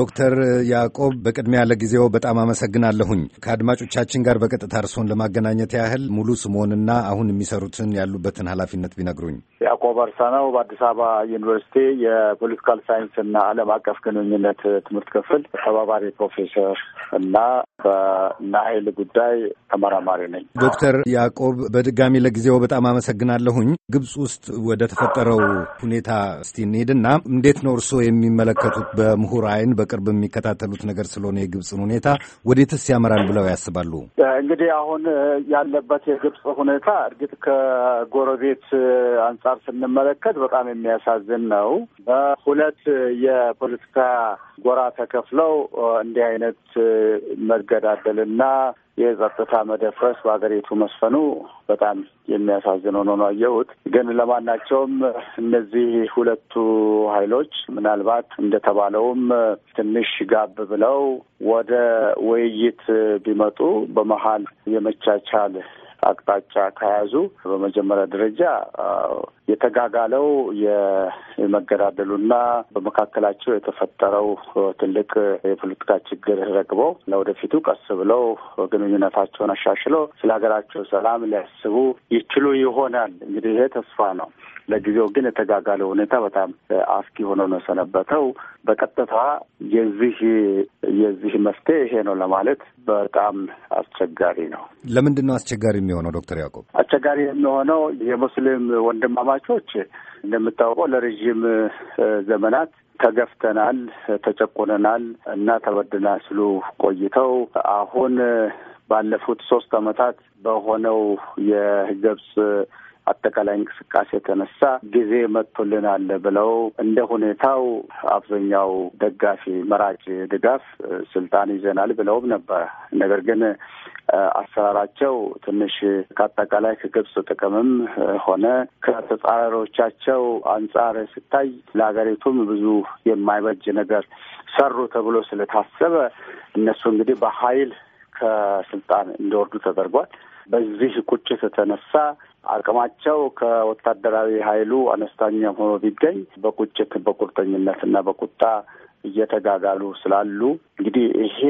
ዶክተር ያዕቆብ በቅድሚያ ለጊዜው በጣም አመሰግናለሁኝ። ከአድማጮቻችን ጋር በቀጥታ እርሶን ለማገናኘት ያህል ሙሉ ስሞንና አሁን የሚሰሩትን ያሉበትን ኃላፊነት ቢነግሩኝ። ያዕቆብ ነው። በአዲስ አበባ ዩኒቨርሲቲ የፖለቲካል ሳይንስ እና ዓለም አቀፍ ግንኙነት ትምህርት ክፍል ተባባሪ ፕሮፌሰር እና በናይል ጉዳይ ተመራማሪ ነኝ። ዶክተር ያዕቆብ በድጋሚ ለጊዜው በጣም አመሰግናለሁኝ። ግብፅ ውስጥ ወደ ተፈጠረው ሁኔታ እስቲ እንሄድና እንዴት ነው እርስዎ የሚመለከቱት በምሁር አይን በቅርብ የሚከታተሉት ነገር ስለሆነ የግብፅን ሁኔታ ወዴትስ ያመራል ብለው ያስባሉ? እንግዲህ አሁን ያለበት የግብፅ ሁኔታ እርግጥ ከጎረቤት አንጻር ስንመለከት በጣም የሚያሳዝን ነው። ሁለት የፖለቲካ ጎራ ተከፍለው እንዲህ አይነት መገዳደልና የጸጥታ መደፍረስ በሀገሪቱ መስፈኑ በጣም የሚያሳዝን ሆኖ ነው አየሁት። ግን ለማናቸውም እነዚህ ሁለቱ ኃይሎች ምናልባት እንደተባለውም ትንሽ ጋብ ብለው ወደ ውይይት ቢመጡ በመሀል የመቻቻል አቅጣጫ ከያዙ በመጀመሪያ ደረጃ የተጋጋለው የመገዳደሉና በመካከላቸው የተፈጠረው ትልቅ የፖለቲካ ችግር ረግበው ለወደፊቱ ቀስ ብለው ግንኙነታቸውን አሻሽለው ስለ ሀገራቸው ሰላም ሊያስቡ ይችሉ ይሆናል። እንግዲህ ይሄ ተስፋ ነው። ለጊዜው ግን የተጋጋለ ሁኔታ በጣም አስጊ ሆኖ ነው ሰነበተው። በቀጥታ የዚህ የዚህ መፍትሄ ይሄ ነው ለማለት በጣም አስቸጋሪ ነው። ለምንድን ነው አስቸጋሪ የሚሆነው? ዶክተር ያዕቆብ አስቸጋሪ የሚሆነው የሙስሊም ወንድማማ ሟቾች እንደምታውቀው ለረዥም ዘመናት ተገፍተናል፣ ተጨቁነናል እና ተበድናል ሲሉ ቆይተው አሁን ባለፉት ሶስት ዓመታት በሆነው የግብጽ አጠቃላይ እንቅስቃሴ የተነሳ ጊዜ መጥቶልናል ብለው እንደ ሁኔታው አብዛኛው ደጋፊ መራጭ ድጋፍ ስልጣን ይዘናል ብለውም ነበረ። ነገር ግን አሰራራቸው ትንሽ ከአጠቃላይ ከግብጽ ጥቅምም ሆነ ከተጻራሪዎቻቸው አንጻር ሲታይ ለሀገሪቱም ብዙ የማይበጅ ነገር ሰሩ ተብሎ ስለታሰበ እነሱ እንግዲህ በኃይል ከስልጣን እንዲወርዱ ተደርጓል። በዚህ ቁጭት የተነሳ አቅማቸው ከወታደራዊ ኃይሉ አነስተኛ ሆኖ ቢገኝ በቁጭት በቁርጠኝነትና በቁጣ እየተጋጋሉ ስላሉ እንግዲህ ይሄ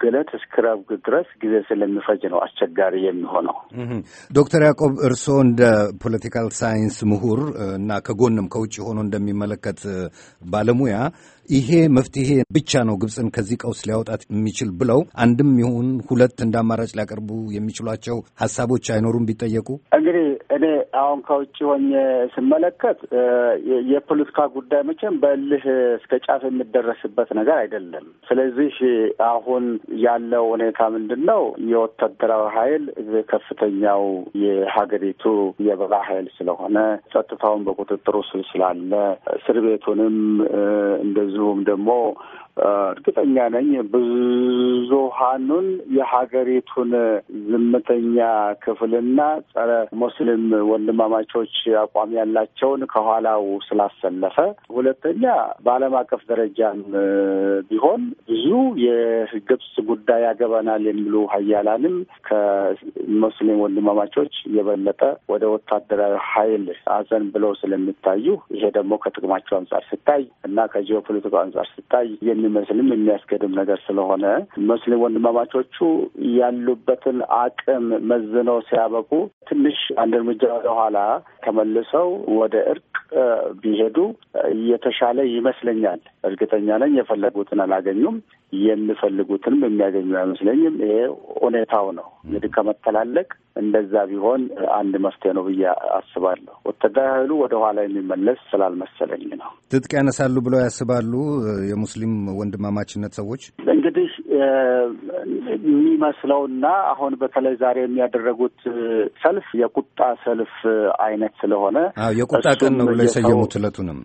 ግለት እስከ ረቡዕ ድረስ ጊዜ ስለሚፈጅ ነው አስቸጋሪ የሚሆነው። ዶክተር ያዕቆብ እርስዎ እንደ ፖለቲካል ሳይንስ ምሁር እና ከጎንም ከውጭ ሆኖ እንደሚመለከት ባለሙያ ይሄ መፍትሄ ብቻ ነው ግብፅን ከዚህ ቀውስ ሊያወጣት የሚችል ብለው አንድም ይሁን ሁለት እንደ አማራጭ ሊያቀርቡ የሚችሏቸው ሀሳቦች አይኖሩም ቢጠየቁ እንግዲህ እኔ አሁን ከውጭ ሆኜ ስመለከት የፖለቲካ ጉዳይ መቼም በእልህ እስከ ጫፍ የሚደረስበት ነገር አይደለም። ስለዚህ አሁን ያለው ሁኔታ ምንድን ነው? የወታደራዊ ኃይል ከፍተኛው የሀገሪቱ የበላይ ኃይል ስለሆነ ጸጥታውን በቁጥጥሩ ስር ስላለ እስር ቤቱንም እንደዚሁም ደግሞ እርግጠኛ ነኝ ብዙሀኑን የሀገሪቱን ዝምተኛ ክፍልና ጸረ ሙስሊም ወንድማማቾች አቋም ያላቸውን ከኋላው ስላሰለፈ፣ ሁለተኛ በዓለም አቀፍ ደረጃም ቢሆን ብዙ የግብጽ ጉዳይ ያገባናል የሚሉ ሀያላንም ከሙስሊም ወንድማማቾች የበለጠ ወደ ወታደራዊ ኃይል አዘን ብለው ስለሚታዩ ይሄ ደግሞ ከጥቅማቸው አንጻር ሲታይ እና ከጂኦ ፖለቲካው አንጻር ሲታይ የሚመስልም የሚያስገድም ነገር ስለሆነ ሙስሊም ወንድማማቾቹ ያሉበትን አቅም መዝነው ሲያበቁ ትንሽ አንድ እርምጃ ወደኋላ ተመልሰው ወደ እርቅ ቢሄዱ እየተሻለ ይመስለኛል። እርግጠኛ ነኝ የፈለጉትን አላገኙም፣ የሚፈልጉትንም የሚያገኙ አይመስለኝም። ይሄ ሁኔታው ነው እንግዲህ ከመተላለቅ እንደዛ ቢሆን አንድ መፍትሄ ነው ብዬ አስባለሁ። ወታደራዊ ኃይሉ ወደ ኋላ የሚመለስ ስላልመሰለኝ ነው። ትጥቅ ያነሳሉ ብለው ያስባሉ የሙስሊም ወንድማማችነት ሰዎች እንግዲህ የሚመስለውና አሁን በተለይ ዛሬ የሚያደረጉት ሰልፍ የቁጣ ሰልፍ አይነት ስለሆነ የቁጣ ቀን ነው ብለው የሰየሙት ለቱንም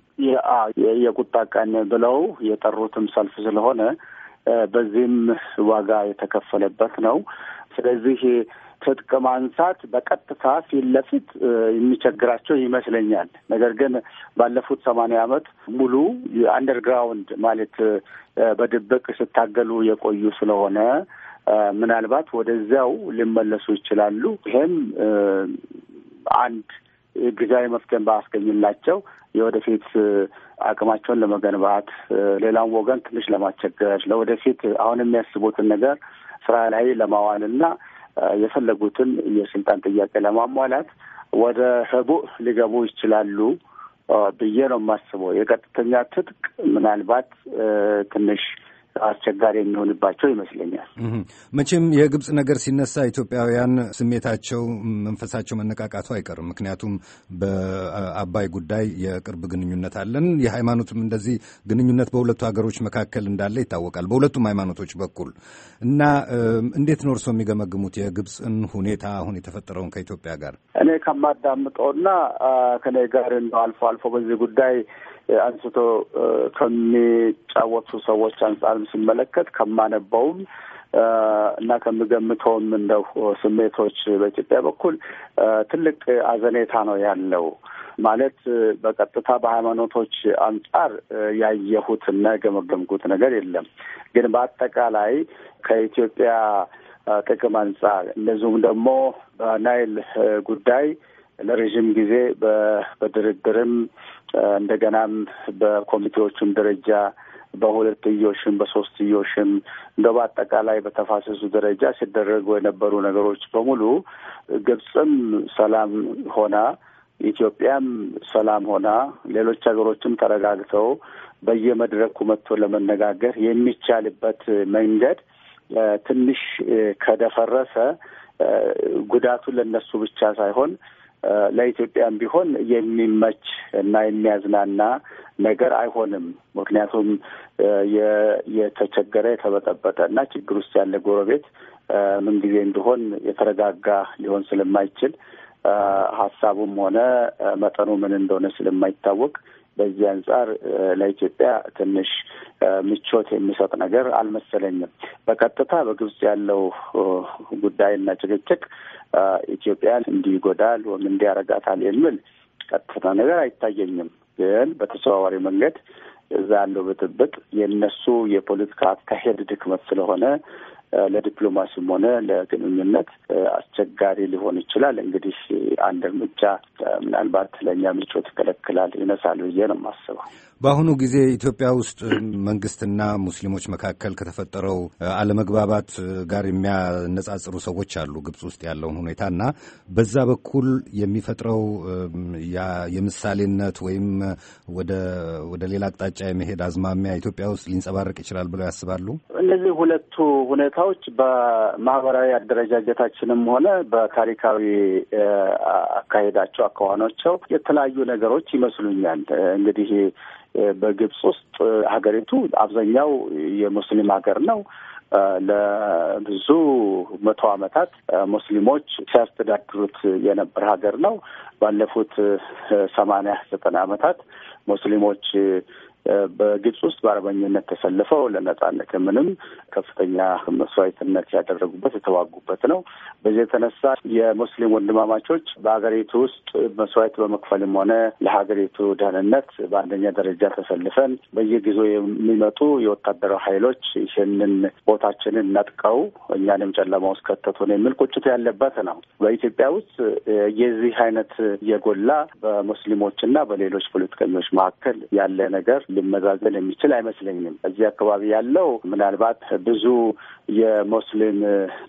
የቁጣ ቀን ብለው የጠሩትም ሰልፍ ስለሆነ በዚህም ዋጋ የተከፈለበት ነው። ስለዚህ ትጥቅ ማንሳት በቀጥታ ፊት ለፊት የሚቸግራቸው ይመስለኛል። ነገር ግን ባለፉት ሰማንያ ዓመት ሙሉ አንደርግራውንድ ማለት በድብቅ ስታገሉ የቆዩ ስለሆነ ምናልባት ወደዚያው ሊመለሱ ይችላሉ። ይሄም አንድ ጊዜያዊ መፍትሄን ባያስገኝላቸው የወደፊት አቅማቸውን ለመገንባት ሌላውን ወገን ትንሽ ለማስቸገር ለወደፊት አሁን የሚያስቡትን ነገር ስራ ላይ ለማዋል እና የፈለጉትን የስልጣን ጥያቄ ለማሟላት ወደ ህቡዕ ሊገቡ ይችላሉ ብዬ ነው የማስበው። የቀጥተኛ ትጥቅ ምናልባት ትንሽ አስቸጋሪ የሚሆንባቸው ይመስለኛል። መቼም የግብፅ ነገር ሲነሳ ኢትዮጵያውያን ስሜታቸው፣ መንፈሳቸው መነቃቃቱ አይቀርም። ምክንያቱም በአባይ ጉዳይ የቅርብ ግንኙነት አለን። የሃይማኖትም እንደዚህ ግንኙነት በሁለቱ ሀገሮች መካከል እንዳለ ይታወቃል፣ በሁለቱም ሃይማኖቶች በኩል እና እንዴት ነው እርስዎ የሚገመግሙት የግብፅን ሁኔታ አሁን የተፈጠረውን ከኢትዮጵያ ጋር? እኔ ከማዳምጠውና ከኔ ጋር እንደ አልፎ አልፎ በዚህ ጉዳይ አንስቶ ከሚጫወቱ ሰዎች አንጻርም ስመለከት ከማነበውም እና ከምገምተውም እንደው ስሜቶች በኢትዮጵያ በኩል ትልቅ አዘኔታ ነው ያለው። ማለት በቀጥታ በሃይማኖቶች አንጻር ያየሁትና የገመገምኩት ነገር የለም። ግን በአጠቃላይ ከኢትዮጵያ ጥቅም አንጻር እንደዚሁም ደግሞ በናይል ጉዳይ ለረዥም ጊዜ በድርድርም እንደገናም በኮሚቴዎችም ደረጃ በሁለትዮሽም በሶስትዮሽም እንደ በአጠቃላይ በተፋሰሱ ደረጃ ሲደረጉ የነበሩ ነገሮች በሙሉ ግብፅም ሰላም ሆና ኢትዮጵያም ሰላም ሆና ሌሎች ሀገሮችም ተረጋግተው በየመድረኩ መጥቶ ለመነጋገር የሚቻልበት መንገድ ትንሽ ከደፈረሰ ጉዳቱ ለነሱ ብቻ ሳይሆን ለኢትዮጵያም ቢሆን የሚመች እና የሚያዝናና ነገር አይሆንም። ምክንያቱም የተቸገረ የተበጠበጠ እና ችግር ውስጥ ያለ ጎረቤት ምንጊዜ እንደሆን የተረጋጋ ሊሆን ስለማይችል ሀሳቡም ሆነ መጠኑ ምን እንደሆነ ስለማይታወቅ በዚህ አንጻር ለኢትዮጵያ ትንሽ ምቾት የሚሰጥ ነገር አልመሰለኝም። በቀጥታ በግብጽ ያለው ጉዳይና ጭቅጭቅ ኢትዮጵያን እንዲጎዳል ወይም እንዲያረጋታል የሚል ቀጥታ ነገር አይታየኝም። ግን በተዘዋዋሪ መንገድ እዛ ያለው ብጥብጥ የእነሱ የፖለቲካ አካሄድ ድክመት ስለሆነ ለዲፕሎማሲም ሆነ ለግንኙነት አስቸጋሪ ሊሆን ይችላል። እንግዲህ አንድ እርምጃ ምናልባት ለእኛ ምቾት ይከለክላል ይነሳል ብዬ ነው የማስበው። በአሁኑ ጊዜ ኢትዮጵያ ውስጥ መንግስትና ሙስሊሞች መካከል ከተፈጠረው አለመግባባት ጋር የሚያነጻጽሩ ሰዎች አሉ። ግብጽ ውስጥ ያለውን ሁኔታ እና በዛ በኩል የሚፈጥረው የምሳሌነት ወይም ወደ ሌላ አቅጣጫ የመሄድ አዝማሚያ ኢትዮጵያ ውስጥ ሊንጸባረቅ ይችላል ብለው ያስባሉ። እነዚህ ሁለቱ ሁኔታዎች በማህበራዊ አደረጃጀታችንም ሆነ በታሪካዊ አካሄዳቸው አካዋናቸው የተለያዩ ነገሮች ይመስሉኛል እንግዲህ በግብጽ ውስጥ ሀገሪቱ አብዛኛው የሙስሊም ሀገር ነው። ለብዙ መቶ ዓመታት ሙስሊሞች ሲያስተዳድሩት የነበረ ሀገር ነው። ባለፉት ሰማንያ ዘጠና ዓመታት ሙስሊሞች በግብጽ ውስጥ በአርበኝነት ተሰልፈው ለነጻነት ምንም ከፍተኛ መስዋዕትነት ያደረጉበት የተዋጉበት ነው። በዚህ የተነሳ የሙስሊም ወንድማማቾች በሀገሪቱ ውስጥ መስዋዕት በመክፈልም ሆነ ለሀገሪቱ ደህንነት በአንደኛ ደረጃ ተሰልፈን በየጊዜው የሚመጡ የወታደራዊ ኃይሎች ይህንን ቦታችንን ነጥቀው እኛንም ጨለማ ውስጥ ከተቱን የሚል ቁጭት ያለበት ነው። በኢትዮጵያ ውስጥ የዚህ አይነት የጎላ በሙስሊሞችና በሌሎች ፖለቲከኞች መካከል ያለ ነገር ሊመዛዘል የሚችል አይመስለኝም። እዚህ አካባቢ ያለው ምናልባት ብዙ የሙስሊም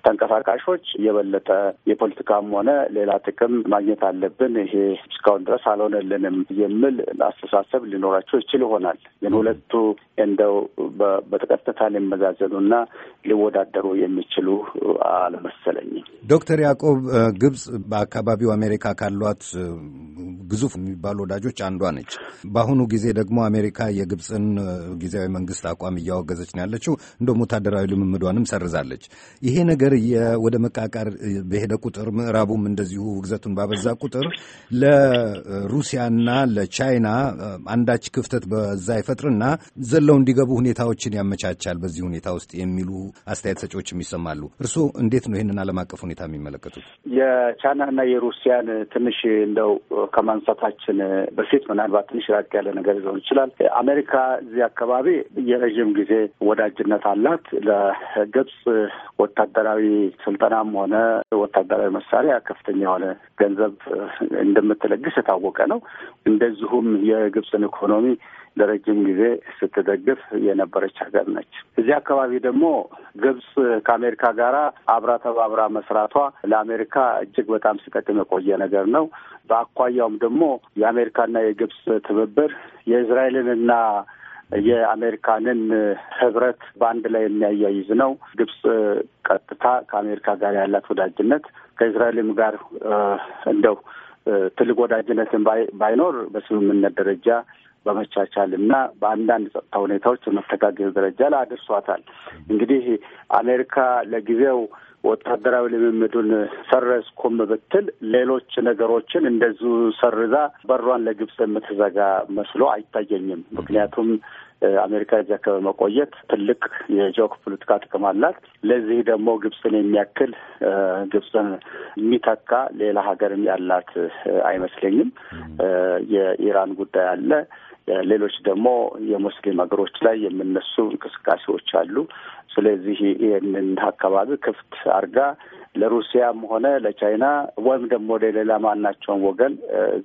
ተንቀሳቃሾች የበለጠ የፖለቲካም ሆነ ሌላ ጥቅም ማግኘት አለብን፣ ይሄ እስካሁን ድረስ አልሆነልንም የሚል አስተሳሰብ ሊኖራቸው ይችል ይሆናል። ግን ሁለቱ እንደው በቀጥታ ሊመዛዘኑና ሊወዳደሩ የሚችሉ አልመሰለኝም። ዶክተር ያዕቆብ ግብጽ በአካባቢው አሜሪካ ካሏት ግዙፍ የሚባሉ ወዳጆች አንዷ ነች። በአሁኑ ጊዜ ደግሞ አሜሪካ የግብፅን ጊዜያዊ መንግስት አቋም እያወገዘች ነው ያለችው። እንደውም ወታደራዊ ልምምዷንም ሰርዛለች። ይሄ ነገር ወደ መቃቃር በሄደ ቁጥር ምዕራቡም እንደዚሁ ውግዘቱን ባበዛ ቁጥር ለሩሲያና ለቻይና አንዳች ክፍተት በዛ ይፈጥርና ዘለው እንዲገቡ ሁኔታዎችን ያመቻቻል በዚህ ሁኔታ ውስጥ የሚሉ አስተያየት ሰጪዎችም ይሰማሉ። እርስዎ እንዴት ነው ይህንን ዓለም አቀፍ ሁኔታ የሚመለከቱት? የቻይናና የሩሲያን ትንሽ እንደው ከማንሳታችን በፊት ምናልባት ትንሽ ራቅ ያለ ነገር ሊሆን ይችላል አሜሪካ እዚህ አካባቢ የረዥም ጊዜ ወዳጅነት አላት። ለግብጽ ወታደራዊ ስልጠናም ሆነ ወታደራዊ መሳሪያ ከፍተኛ የሆነ ገንዘብ እንደምትለግስ የታወቀ ነው። እንደዚሁም የግብጽን ኢኮኖሚ ለረጅም ጊዜ ስትደግፍ የነበረች ሀገር ነች። እዚህ አካባቢ ደግሞ ግብጽ ከአሜሪካ ጋር አብራ ተባብራ መስራቷ ለአሜሪካ እጅግ በጣም ሲጠቅም የቆየ ነገር ነው። በአኳያውም ደግሞ የአሜሪካና የግብጽ ትብብር የእስራኤልንና የአሜሪካንን ህብረት በአንድ ላይ የሚያያይዝ ነው። ግብጽ ቀጥታ ከአሜሪካ ጋር ያላት ወዳጅነት ከእስራኤልም ጋር እንደው ትልቅ ወዳጅነትን ባይኖር በስምምነት ደረጃ በመቻቻል እና በአንዳንድ ጸጥታ ሁኔታዎች በመተጋገዝ ደረጃ ላይ አድርሷታል። እንግዲህ አሜሪካ ለጊዜው ወታደራዊ ልምምዱን ሰረዝኩም ብትል ሌሎች ነገሮችን እንደዚሁ ሰርዛ በሯን ለግብጽ የምትዘጋ መስሎ አይታየኝም። ምክንያቱም አሜሪካ እዚያ መቆየት ትልቅ የጆክ ፖለቲካ ጥቅም አላት። ለዚህ ደግሞ ግብጽን የሚያክል ግብጽን የሚተካ ሌላ ሀገርም ያላት አይመስለኝም። የኢራን ጉዳይ አለ። ሌሎች ደግሞ የሙስሊም ሀገሮች ላይ የምነሱ እንቅስቃሴዎች አሉ። ስለዚህ ይህንን አካባቢ ክፍት አርጋ ለሩሲያም ሆነ ለቻይና ወይም ደግሞ ለሌላ ማናቸውን ወገን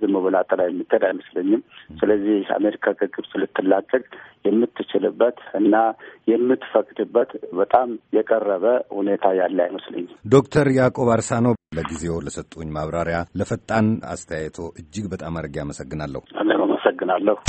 ዝም ብላ ጥላ የምትሄድ አይመስለኝም። ስለዚህ አሜሪካ ከግብጽ ልትላቀቅ የምትችልበት እና የምትፈቅድበት በጣም የቀረበ ሁኔታ ያለ አይመስለኝም። ዶክተር ያዕቆብ አርሳኖ ለጊዜው ለሰጡኝ ማብራሪያ፣ ለፈጣን አስተያየቶ እጅግ በጣም አድርጌ አመሰግናለሁ። አመሰግናለሁ።